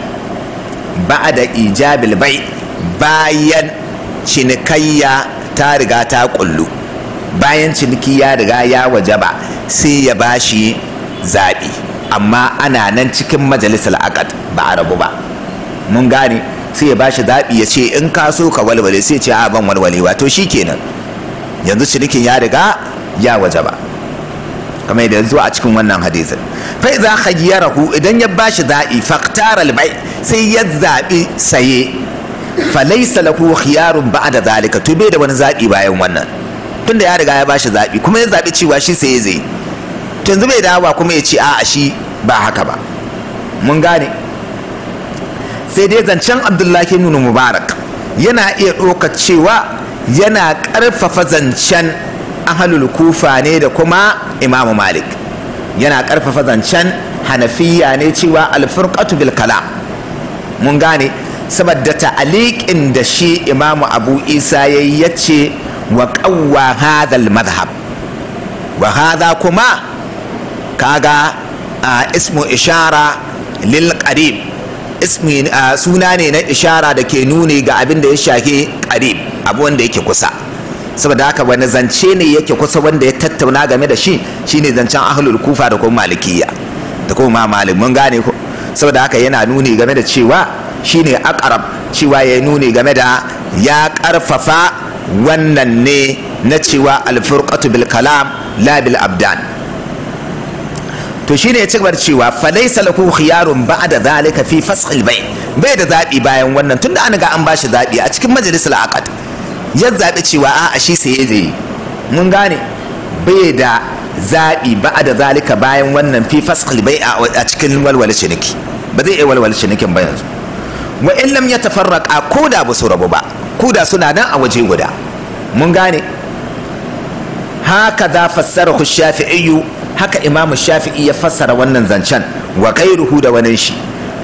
ba da ijabil bai bayan cinikayya ta riga ta kullu bayan ciniki ya riga ya waje ba sai ya ba shi zaɓi amma ana nan cikin majalisar akad ba a rabu ba mun gane sai ya bashi zaɓi ya ce in ka so ka walwale sai ce a ban walwale wato shi kenan yanzu cinikin ya riga ya waje ba kamar yadda zuwa a cikin wannan hadisin fa idza khayyarahu idan ya bashi za'i faqtara al sai ya zabi saye fa laysa lahu khiyarun ba'da zalika to bai da wani zabi bayan wannan tunda ya riga ya bashi zabi kuma ya zabi cewa shi sai ya zai to yanzu bai dawowa kuma ya ce a shi ba haka ba mun gane sai dai zancen abdullahi ibn mubarak yana iya ɗaukar cewa yana ƙarfafa zancen ahalul kufa ne da kuma imamu malik yana karfafa zancen hanafiya ne cewa alfurqatu bilkala mun gane saboda ta'aliƙin da shi imamu abu isa ya yi ya ce wa hadal madhab wa hada kuma kaga ismu ishara lil qarib ismi suna ne na ishara da ke nuni ga abin da ya shafi qarib abu wanda yake kusa saboda haka wani zance ne yake kusa wanda ya tattauna game da shi shine zancen ahlul kufa da kuma malikiya da kuma malik mun gane ko saboda haka yana nuni game da cewa shine akarab cewa ya nuni game da ya karfafa wannan ne na cewa alfurqatu bil kalam la bil abdan to shine ya ci gaba da cewa fa laysa lahu khiyarun ba'da zalika fi fasl bayn bai da zabi bayan wannan tunda an ga an bashi zabi a cikin majalisar aqad ya zaɓi cewa a shi saye zai mun gane bai da zaɓi ba da zalika bayan wannan fi faskil bai a cikin walwale ciniki ba zai iya walwale cinikin ba yanzu wa in lam yatafarraqa ko da ba su rabu ba ko da suna nan a waje guda mun gane haka za fassara ku shafi'iyu haka imamu shafi'i ya fassara wannan zancen wa ruhu da wani shi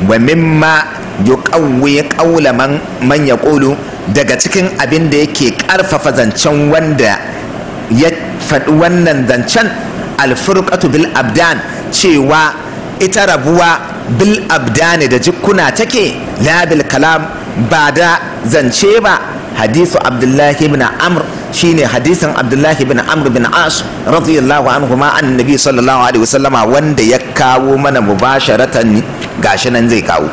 wa mimma yuqawwi qawla man man yaqulu daga cikin abin da yake karfafa zancen wanda ya faɗi wannan zancen alfurkatu bil abdan cewa ita rabuwa bil abdani da jikuna take la bil kalam ba da zance ba hadisu abdullahi ibn amr shine hadisin abdullahi ibn amr bin as radiyallahu anhu ma annabi sallallahu alaihi wasallama wanda ya kawo mana mubasharatan gashi nan zai kawo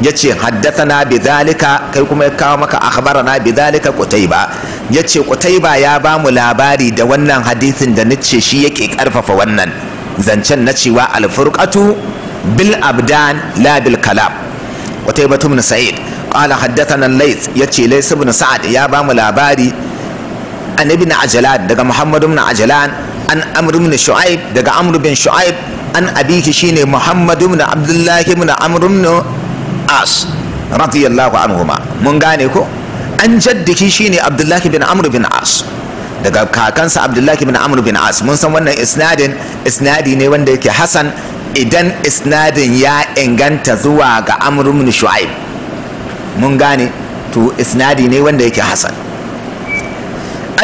Ya yace haddathana bidhalika kai kuma ya kawo maka akhbarana bi qutayba yace qutayba ya ba mu labari da wannan hadisin da nace shi yake karfafa wannan zancen na cewa al-furqatu bil abdan la bil kalam qutayba ibn sa'id qala haddathana al-layth ce layth ibn sa'ad ya ba mu labari an ibn ajalan daga muhammad ibn ajalan an amr ibn shu'aib daga amr bin shu'aib an abiki shine muhammad ibn abdullah ibn amr ibn as radiyallahu anhuma mun gane ko an jaddiki shine abdullahi bin amr bin as daga kakansa abdullahi bin amr bin as mun san wannan isnadin isnadi ne wanda yake hasan idan isnadin ya inganta zuwa ga amr bin shu'aib mun gane to isnadi ne wanda yake hasan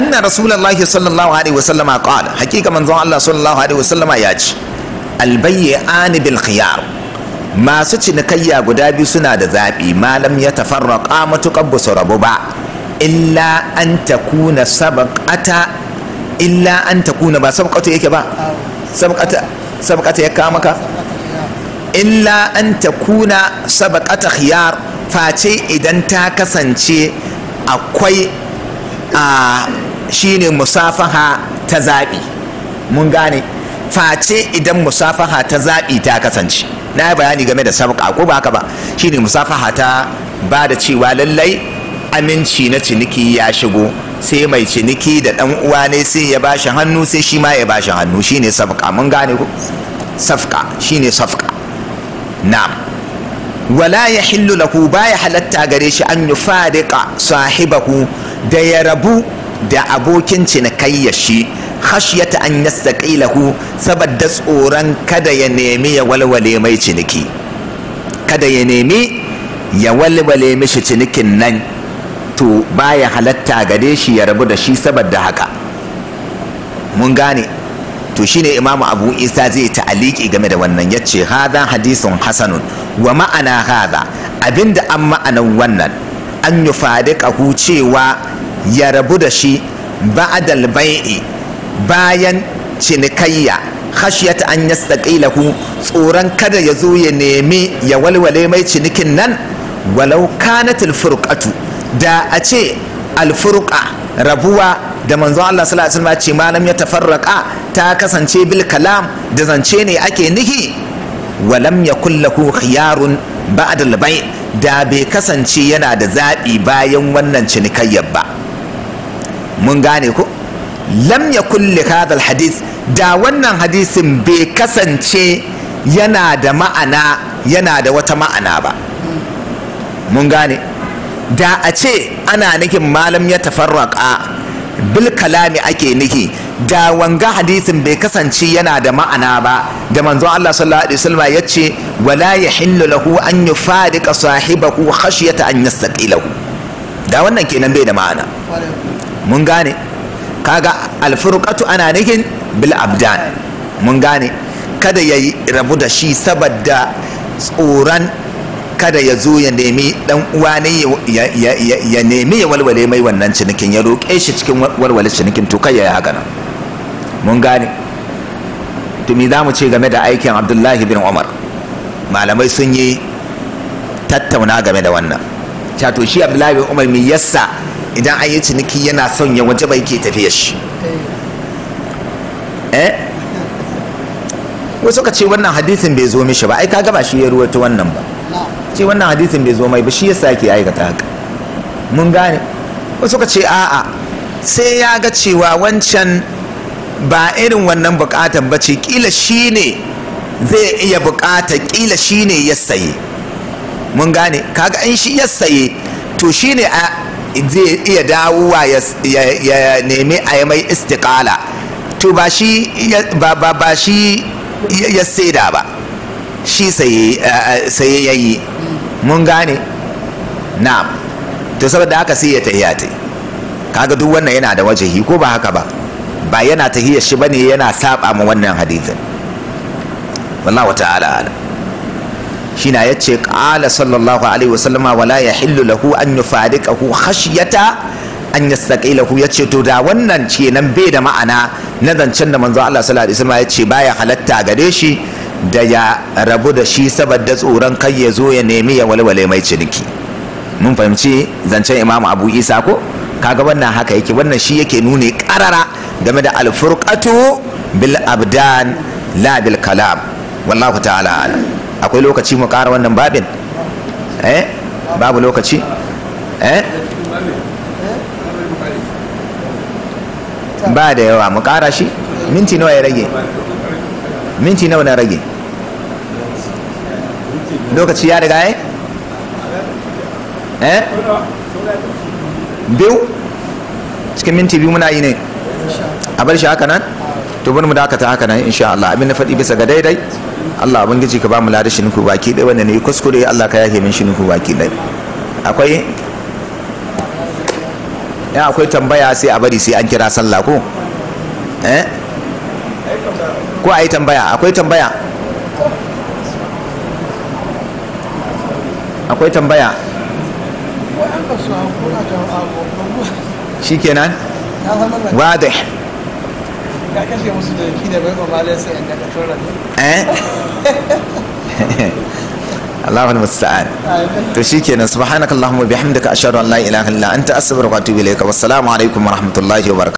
anna rasulullahi sallallahu alaihi wasallama qala hakika manzon Allah sallallahu alaihi wasallama ya ce albayyi an bil khiyar masu cinikayya guda biyu suna da zaɓi malam ya tafarraƙa matuƙar ba su rabu ba illa an ta kuna sabakata illa an ta kuna ba sabakata yake ba sabakata ya kama ka illa an ta kuna sabakata khiyar face idan ta kasance akwai a shine musafaha ta zaɓi mun gane face idan musafaha ta zaɓi ta kasance na yi bayani game da sabaka ko ba haka ba shine musafaha ta ba da cewa lallai aminci na ciniki ya shigo sai mai ciniki da dan uwa ne sai ya bashi hannu sai shi ma ya bashi hannu shine sabaka mun gane ko safka shine safka na wala ya ku lahu ya halatta gare shi an yufadiqa sahibahu da ya rabu da abokin cinikayya shi khashyata an yastaqilahu saboda tsoron kada ya nemi ya walwale mai ciniki kada ya nemi ya walwale mishi cinikin nan to baya halatta gare shi ya rabu da shi saboda haka mun gane to shine imamu abu isa zai ta'aliki game da wannan ya ce hadha hadisun hasanun wa ma'ana hadha abinda an ma'anan wannan an yi kahu cewa ya rabu da shi ba'adal bai'i bayan cinikayya khashiyat an yastaqilahu tsoron kada ya zo ya nemi ya walwale mai cinikin nan walau kanat alfurqatu da a ce alfurqa rabuwa da manzon Allah sallallahu alaihi wasallam ce malam ya tafarraqa ta kasance bil kalam da zance ne ake nihi walam yakul lahu khiyarun ba'da al da bai kasance yana da zaɓi bayan wannan cinikayyar ba mun gane ku. lam ya kulle hadal hadis da wannan hadisin bai kasance yana da ma'ana yana da wata ma'ana ba mun gane da a ce ana nufin malam ya tafarraka bil kalami ake nufi da wanga hadisin bai kasance yana da ma'ana ba da manzon Allah sallallahu alaihi wasallam ya ce wala yahillu lahu an yufadika sahibahu khashyata an yastaqilahu da wannan kenan bai da ma'ana mun gane kaga alfurqatu ana nufin bil abdan mun gane kada ya rabu da shi saboda tsoron kada ya zo ya nemi dan uwa ne ya nemi ya walwale mai wannan cinikin ya roƙe shi cikin walwale cinikin to kai ya yi haka nan mun gane to me za mu ce game da aikin abdullahi bin umar malamai sun yi tattauna game da wannan cato shi abdullahi bin umar me yasa idan an yi ciniki yana son ya waje bai ke tafiya shi eh wasu ka ce wannan hadisin bai zo mishi ba ai ka gaba shi ya ruwaito wannan ba ce wannan hadisin bai zo mai ba shi ya sake aikata haka mun gane wasu ka ce a'a sai ya ga cewa wancan ba irin wannan bukatan ba ce kila shi ne zai iya bukata kila shi ne ya saye mun gane kaga in shi ya saye to shi ne zai iya dawowa ya nemi a yi mai istikala to ba shi ya saida ba shi sai ya yi mun gane na to saboda haka sai ya tahiya ta kaga duk wannan yana da wajahi ko ba haka ba ba yana tahiyar shi bane yana saba ma wannan hadithin wallahu ta'ala alam shine ya ce ƙala sallallahu alaihi wasallama wala ya hillu lahu an ƙahu khashyata an lahu ya ce to da wannan kenan bai da ma'ana na zancen da manzo Allah sallallahu alaihi wasallama ya ce baya halatta gare shi da ya rabu da shi saboda tsoron kai ya zo ya nemi ya walwale mai ciniki mun fahimci zancen imamu abu isa ko kaga wannan haka yake wannan shi yake nuni karara game da alfurqatu bil abdan la bil kalam wallahu ta'ala alam akwai lokaci mu ƙara wannan babin eh babu lokaci eh ba da yawa mu ƙara shi minti nawa ya rage minti nawa na rage lokaci ya riga ya eh biyu cikin minti biyu muna yi ne a bar shi haka nan to bari mu dakata haka nan insha Allah abin na faɗi bisa ga daidai Allah abin gaji ka ba mu lada shinku baki ɗaya wanda ne kuskure Allah ka yake min shi shinku baki ɗaya akwai ya akwai tambaya sai a bari sai an kira sallah ko eh ko a yi tambaya akwai tambaya akwai tambaya shi kenan wadih ka kashe eh? musta'an to subhanakallahumma bihamdika ashhadu an la ilaha illa anta astaghfiruka wa atubu ilayka wassalamu alaikum wa rahmatullahi wa